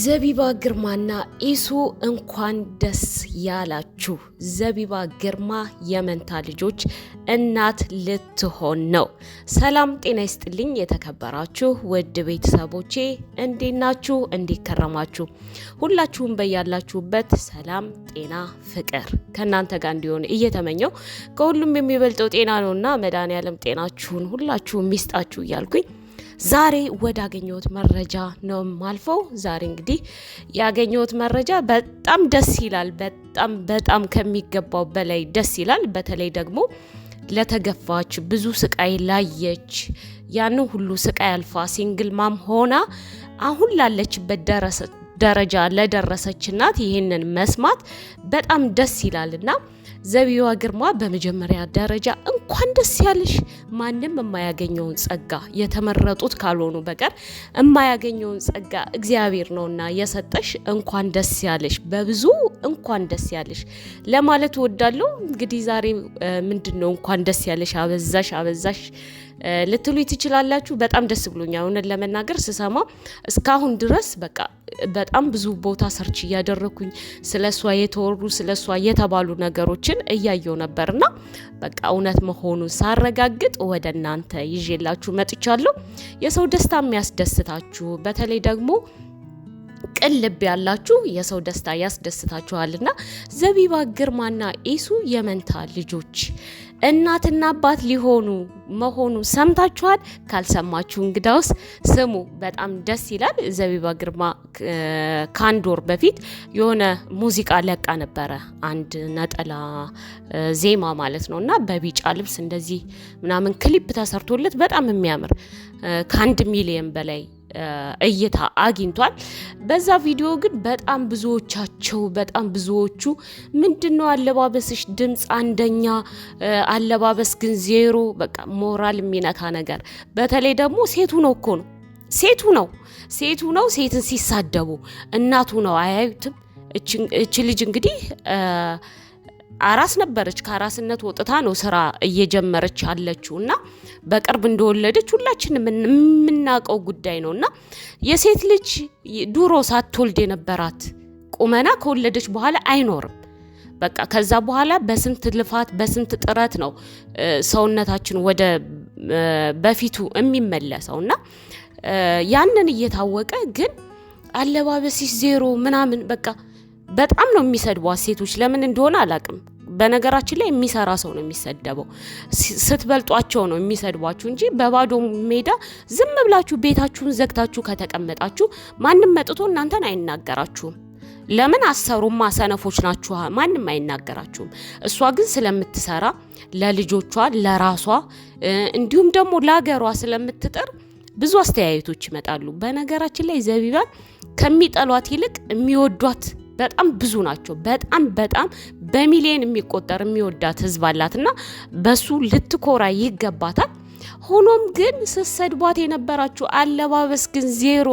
ዘቢባ ግርማና ኢሱ እንኳን ደስ ያላችሁ። ዘቢባ ግርማ የመንታ ልጆች እናት ልትሆን ነው። ሰላም ጤና ይስጥልኝ የተከበራችሁ ውድ ቤተሰቦቼ እንዴት ናችሁ? እንዴት ከረማችሁ? ሁላችሁም በያላችሁበት ሰላም፣ ጤና፣ ፍቅር ከእናንተ ጋር እንዲሆን እየተመኘው ከሁሉም የሚበልጠው ጤና ነውና መድኃኔዓለም ጤናችሁን ሁላችሁም ይስጣችሁ እያልኩኝ ዛሬ አገኘሁት መረጃ ነው ማልፈው። ዛሬ እንግዲህ ያገኘሁት መረጃ በጣም ደስ ይላል። በጣም በጣም ከሚገባው በላይ ደስ ይላል። በተለይ ደግሞ ለተገፋች ብዙ ስቃይ ላየች ያን ሁሉ ስቃይ አልፋ ሲንግል ማም ሆና አሁን ላለችበት ደረጃ ለደረሰች እናት ይህንን መስማት በጣም ደስ ይላልና ዘቢባ ግርማ በመጀመሪያ ደረጃ እንኳን ደስ ያለሽ። ማንም የማያገኘውን ጸጋ የተመረጡት ካልሆኑ በቀር የማያገኘውን ጸጋ እግዚአብሔር ነውና የሰጠሽ እንኳን ደስ ያለሽ፣ በብዙ እንኳን ደስ ያለሽ ለማለት እወዳለሁ። እንግዲህ ዛሬ ምንድን ነው እንኳን ደስ ያለሽ አበዛሽ አበዛሽ ልትሉ ትችላላችሁ። በጣም ደስ ብሎኛል እውነት ለመናገር ስሰማ። እስካሁን ድረስ በቃ በጣም ብዙ ቦታ ሰርች ያደረኩኝ ስለ እሷ የተወሩ ስለ እሷ የተባሉ ነገሮችን እያየው ነበርና በቃ እውነት መሆኑን ሳረጋግጥ ወደ እናንተ ይዤላችሁ መጥቻለሁ። የሰው ደስታ የሚያስደስታችሁ በተለይ ደግሞ ቅን ልብ ያላችሁ የሰው ደስታ ያስደስታችኋልና ዘቢባ ግርማና ኢሱ የመንታ ልጆች እናትና አባት ሊሆኑ መሆኑ ሰምታችኋል። ካልሰማችሁ እንግዳውስ ስሙ፣ በጣም ደስ ይላል። ዘቢባ ግርማ ከአንድ ወር በፊት የሆነ ሙዚቃ ለቃ ነበረ፣ አንድ ነጠላ ዜማ ማለት ነው እና በቢጫ ልብስ እንደዚህ ምናምን ክሊፕ ተሰርቶለት በጣም የሚያምር ከአንድ ሚሊየን በላይ እይታ አግኝቷል። በዛ ቪዲዮ ግን በጣም ብዙዎቻቸው በጣም ብዙዎቹ ምንድን ነው አለባበስሽ ድምፅ አንደኛ አለባበስ ግን ዜሮ፣ በቃ ሞራል የሚነካ ነገር። በተለይ ደግሞ ሴቱ ነው እኮ ነው ሴቱ ነው ሴቱ ነው ሴትን ሲሳደቡ እናቱ ነው አያዩትም። እች ልጅ እንግዲህ አራስ ነበረች። ከአራስነት ወጥታ ነው ስራ እየጀመረች ያለችው እና በቅርብ እንደወለደች ሁላችን የምናውቀው ጉዳይ ነው እና የሴት ልጅ ድሮ ሳትወልድ የነበራት ቁመና ከወለደች በኋላ አይኖርም። በቃ ከዛ በኋላ በስንት ልፋት በስንት ጥረት ነው ሰውነታችን ወደ በፊቱ የሚመለሰው እና ያንን እየታወቀ ግን አለባበስሽ ዜሮ ምናምን በቃ በጣም ነው የሚሰድቧት ሴቶች ለምን እንደሆነ አላቅም። በነገራችን ላይ የሚሰራ ሰው ነው የሚሰደበው። ስትበልጧቸው ነው የሚሰድቧችሁ እንጂ በባዶ ሜዳ ዝም ብላችሁ ቤታችሁን ዘግታችሁ ከተቀመጣችሁ ማንም መጥቶ እናንተን አይናገራችሁም። ለምን አሰሩማ፣ ሰነፎች ናችሁ፣ ማንም አይናገራችሁም። እሷ ግን ስለምትሰራ ለልጆቿ፣ ለራሷ እንዲሁም ደግሞ ለሀገሯ ስለምትጥር ብዙ አስተያየቶች ይመጣሉ። በነገራችን ላይ ዘቢባን ከሚጠሏት ይልቅ የሚወዷት በጣም ብዙ ናቸው። በጣም በጣም በሚሊዮን የሚቆጠር የሚወዳት ህዝብ አላትና በሱ ልትኮራ ይገባታል። ሆኖም ግን ስትሰድቧት የነበራችሁ አለባበስ ግን ዜሮ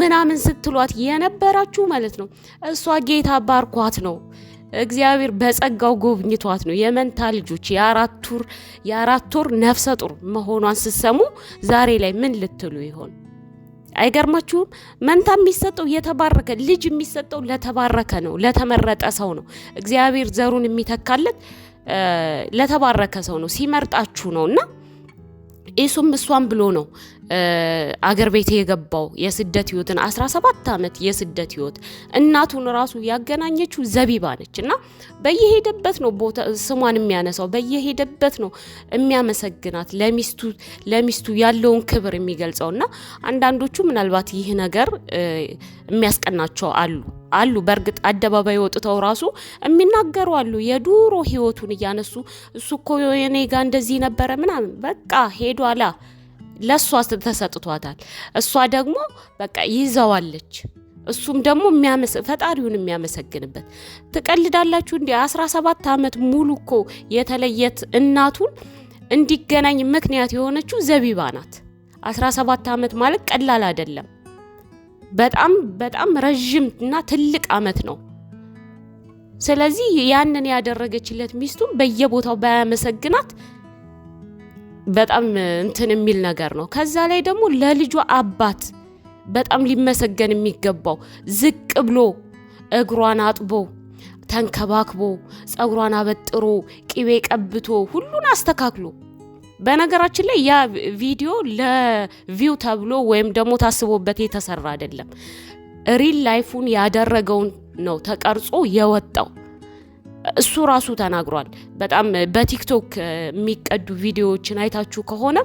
ምናምን ስትሏት የነበራችሁ ማለት ነው። እሷ ጌታ ባርኳት ነው እግዚአብሔር በጸጋው ጎብኝቷት ነው። የመንታ ልጆች የአራት ወር ነፍሰ ጡር መሆኗን ስትሰሙ ዛሬ ላይ ምን ልትሉ ይሆን? አይገርማችሁም? መንታ የሚሰጠው የተባረከ ልጅ የሚሰጠው ለተባረከ ነው፣ ለተመረጠ ሰው ነው። እግዚአብሔር ዘሩን የሚተካለት ለተባረከ ሰው ነው፣ ሲመርጣችሁ ነው እና እሱም እሷም ብሎ ነው አገር ቤት የገባው የስደት ህይወትን 17 ዓመት የስደት ህይወት እናቱን ራሱ ያገናኘችው ዘቢባ ነች እና በየሄደበት ነው ቦታ ስሟን የሚያነሳው በየሄደበት ነው የሚያመሰግናት ለሚስቱ ለሚስቱ ያለውን ክብር የሚገልጸው እና አንዳንዶቹ ምናልባት ይህ ነገር የሚያስቀናቸው አሉ አሉ በእርግጥ አደባባይ ወጥተው ራሱ የሚናገሩ አሉ። የዱሮ ህይወቱን እያነሱ እሱ እኮ የኔ ጋ እንደዚህ ነበረ ምናምን በቃ ሄዷላ ለእሷ ተሰጥቷታል። እሷ ደግሞ በቃ ይዘዋለች። እሱም ደግሞ ፈጣሪውን የሚያመሰግንበት ትቀልዳላችሁ እንዲ 17 ዓመት ሙሉ እኮ የተለየት እናቱን እንዲገናኝ ምክንያት የሆነችው ዘቢባ ናት። 17 ዓመት ማለት ቀላል አይደለም። በጣም በጣም ረዥም እና ትልቅ ዓመት ነው። ስለዚህ ያንን ያደረገችለት ሚስቱን በየቦታው ባያመሰግናት በጣም እንትን የሚል ነገር ነው። ከዛ ላይ ደግሞ ለልጇ አባት በጣም ሊመሰገን የሚገባው ዝቅ ብሎ እግሯን አጥቦ ተንከባክቦ ጸጉሯን አበጥሮ ቂቤ ቀብቶ ሁሉን አስተካክሎ በነገራችን ላይ ያ ቪዲዮ ለቪው ተብሎ ወይም ደግሞ ታስቦበት የተሰራ አይደለም። ሪል ላይፉን ያደረገውን ነው ተቀርጾ የወጣው። እሱ ራሱ ተናግሯል። በጣም በቲክቶክ የሚቀዱ ቪዲዮዎችን አይታችሁ ከሆነ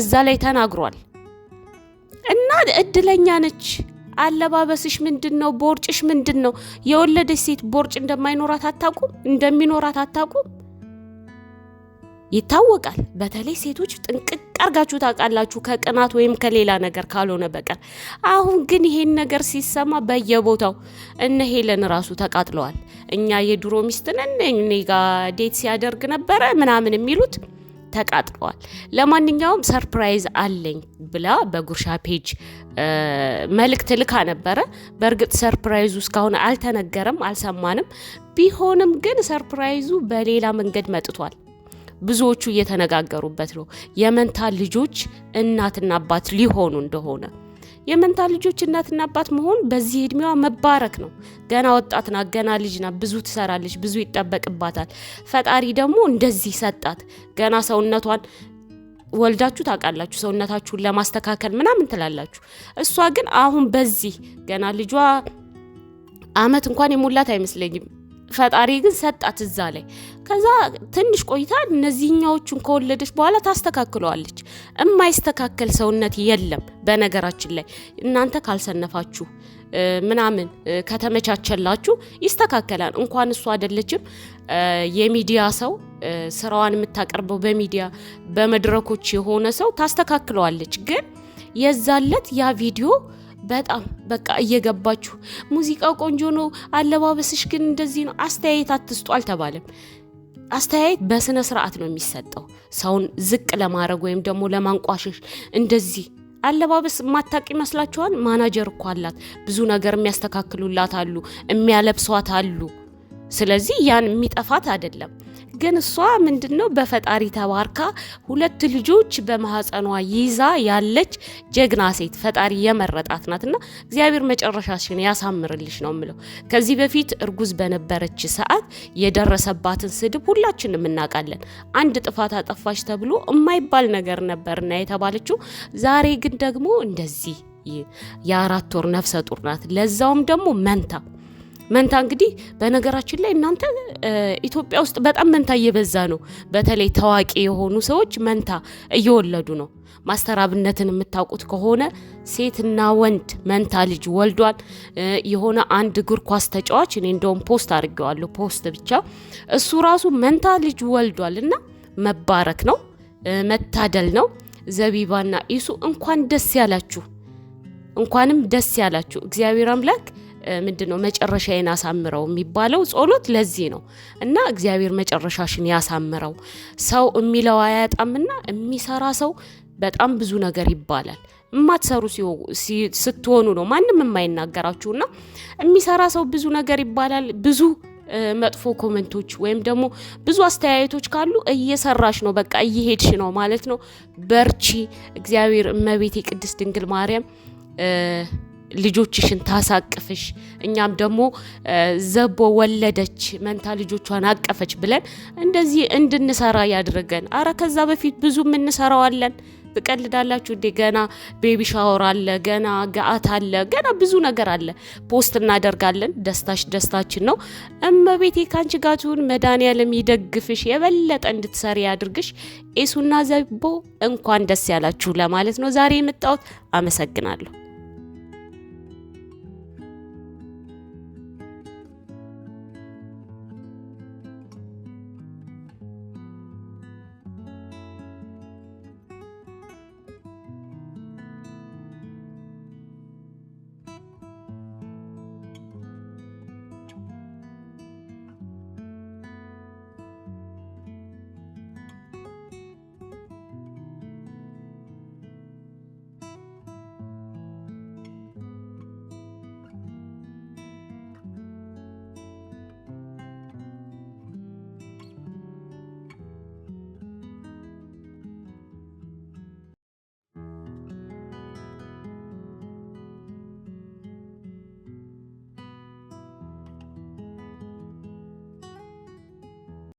እዛ ላይ ተናግሯል። እና እድለኛ ነች። አለባበስሽ ምንድን ነው? ቦርጭሽ ምንድን ነው? የወለደች ሴት ቦርጭ እንደማይኖራት አታቁም? እንደሚኖራት አታቁም? ይታወቃል። በተለይ ሴቶች ጥንቅቅ ጠርጋችሁ ታውቃላችሁ፣ ከቅናት ወይም ከሌላ ነገር ካልሆነ በቀር። አሁን ግን ይሄን ነገር ሲሰማ በየቦታው እነ ሄለን ራሱ ተቃጥለዋል። እኛ የድሮ ሚስትን እኔ ጋ ዴት ሲያደርግ ነበረ ምናምን የሚሉት ተቃጥለዋል። ለማንኛውም ሰርፕራይዝ አለኝ ብላ በጉርሻ ፔጅ መልእክት ልካ ነበረ። በእርግጥ ሰርፕራይዙ እስካሁን አልተነገረም፣ አልሰማንም። ቢሆንም ግን ሰርፕራይዙ በሌላ መንገድ መጥቷል። ብዙዎቹ እየተነጋገሩበት ነው። የመንታ ልጆች እናትና አባት ሊሆኑ እንደሆነ የመንታ ልጆች እናትና አባት መሆን በዚህ እድሜዋ መባረክ ነው። ገና ወጣት ናት፣ ገና ልጅ ናት። ብዙ ትሰራለች፣ ብዙ ይጠበቅባታል። ፈጣሪ ደግሞ እንደዚህ ሰጣት። ገና ሰውነቷን ወልዳችሁ ታውቃላችሁ። ሰውነታችሁን ለማስተካከል ምናምን ትላላችሁ። እሷ ግን አሁን በዚህ ገና ልጇ አመት እንኳን የሞላት አይመስለኝም ፈጣሪ ግን ሰጣት እዛ ላይ። ከዛ ትንሽ ቆይታ እነዚህኛዎቹን ከወለደች በኋላ ታስተካክለዋለች። የማይስተካከል ሰውነት የለም። በነገራችን ላይ እናንተ ካልሰነፋችሁ ምናምን ከተመቻቸላችሁ ይስተካከላል። እንኳን እሱ አይደለችም የሚዲያ ሰው ስራዋን የምታቀርበው በሚዲያ በመድረኮች የሆነ ሰው ታስተካክለዋለች። ግን የዛለት ያ ቪዲዮ በጣም በቃ እየገባችሁ ሙዚቃው ቆንጆ ነው፣ አለባበስሽ ግን እንደዚህ ነው፣ አስተያየት አትስጡ አልተባለም። አስተያየት በስነ ስርዓት ነው የሚሰጠው። ሰውን ዝቅ ለማድረግ ወይም ደግሞ ለማንቋሸሽ እንደዚህ አለባበስ ማታቅ ይመስላችኋል? ማናጀር እኮ አላት። ብዙ ነገር የሚያስተካክሉላት አሉ፣ የሚያለብሷት አሉ። ስለዚህ ያን የሚጠፋት አይደለም። ግን እሷ ምንድን ነው በፈጣሪ ተባርካ ሁለት ልጆች በማህፀኗ ይዛ ያለች ጀግና ሴት ፈጣሪ የመረጣት ናትና እግዚአብሔር መጨረሻሽን ያሳምርልሽ ነው ምለው ከዚህ በፊት እርጉዝ በነበረች ሰዓት የደረሰባትን ስድብ ሁላችንም እናውቃለን። አንድ ጥፋት አጠፋች ተብሎ የማይባል ነገር ነበርና የተባለችው። ዛሬ ግን ደግሞ እንደዚህ የአራት ወር ነፍሰ ጡር ናት፣ ለዛውም ደግሞ መንታ መንታ እንግዲህ በነገራችን ላይ እናንተ ኢትዮጵያ ውስጥ በጣም መንታ እየበዛ ነው። በተለይ ታዋቂ የሆኑ ሰዎች መንታ እየወለዱ ነው። ማስተር አብነትን የምታውቁት ከሆነ ሴትና ወንድ መንታ ልጅ ወልዷል። የሆነ አንድ እግር ኳስ ተጫዋች እኔ እንደውም ፖስት አድርጌዋለሁ፣ ፖስት ብቻ እሱ ራሱ መንታ ልጅ ወልዷል። እና መባረክ ነው፣ መታደል ነው። ዘቢባና ኢሱ እንኳን ደስ ያላችሁ፣ እንኳንም ደስ ያላችሁ እግዚአብሔር አምላክ ምንድን ነው መጨረሻዬን አሳምረው የሚባለው ጸሎት ለዚህ ነው እና እግዚአብሔር መጨረሻሽን ያሳምረው። ሰው የሚለው አያጣምና የሚሰራ ሰው በጣም ብዙ ነገር ይባላል። እማትሰሩ ስትሆኑ ነው ማንም የማይናገራችሁና የሚሰራ ሰው ብዙ ነገር ይባላል። ብዙ መጥፎ ኮመንቶች ወይም ደግሞ ብዙ አስተያየቶች ካሉ እየሰራሽ ነው፣ በቃ እየሄድሽ ነው ማለት ነው። በርቺ። እግዚአብሔር እመቤቴ ቅድስት ድንግል ማርያም ልጆችሽን ታሳቅፍሽ፣ እኛም ደግሞ ዘቦ ወለደች መንታ ልጆቿን አቀፈች ብለን እንደዚህ እንድንሰራ ያድርገን። አረ ከዛ በፊት ብዙ የምንሰራዋለን። አለን። ትቀልዳላችሁ እንዴ? ገና ቤቢ ሻወር አለ፣ ገና ገአት አለ፣ ገና ብዙ ነገር አለ። ፖስት እናደርጋለን። ደስታሽ ደስታችን ነው። እመቤቴ ካንቺ ጋር ትሁን። መድኃኒዓለም ይደግፍሽ፣ የበለጠ እንድትሰሪ ያድርግሽ። ኤሱና ዘቦ እንኳን ደስ ያላችሁ ለማለት ነው ዛሬ የመጣሁት። አመሰግናለሁ።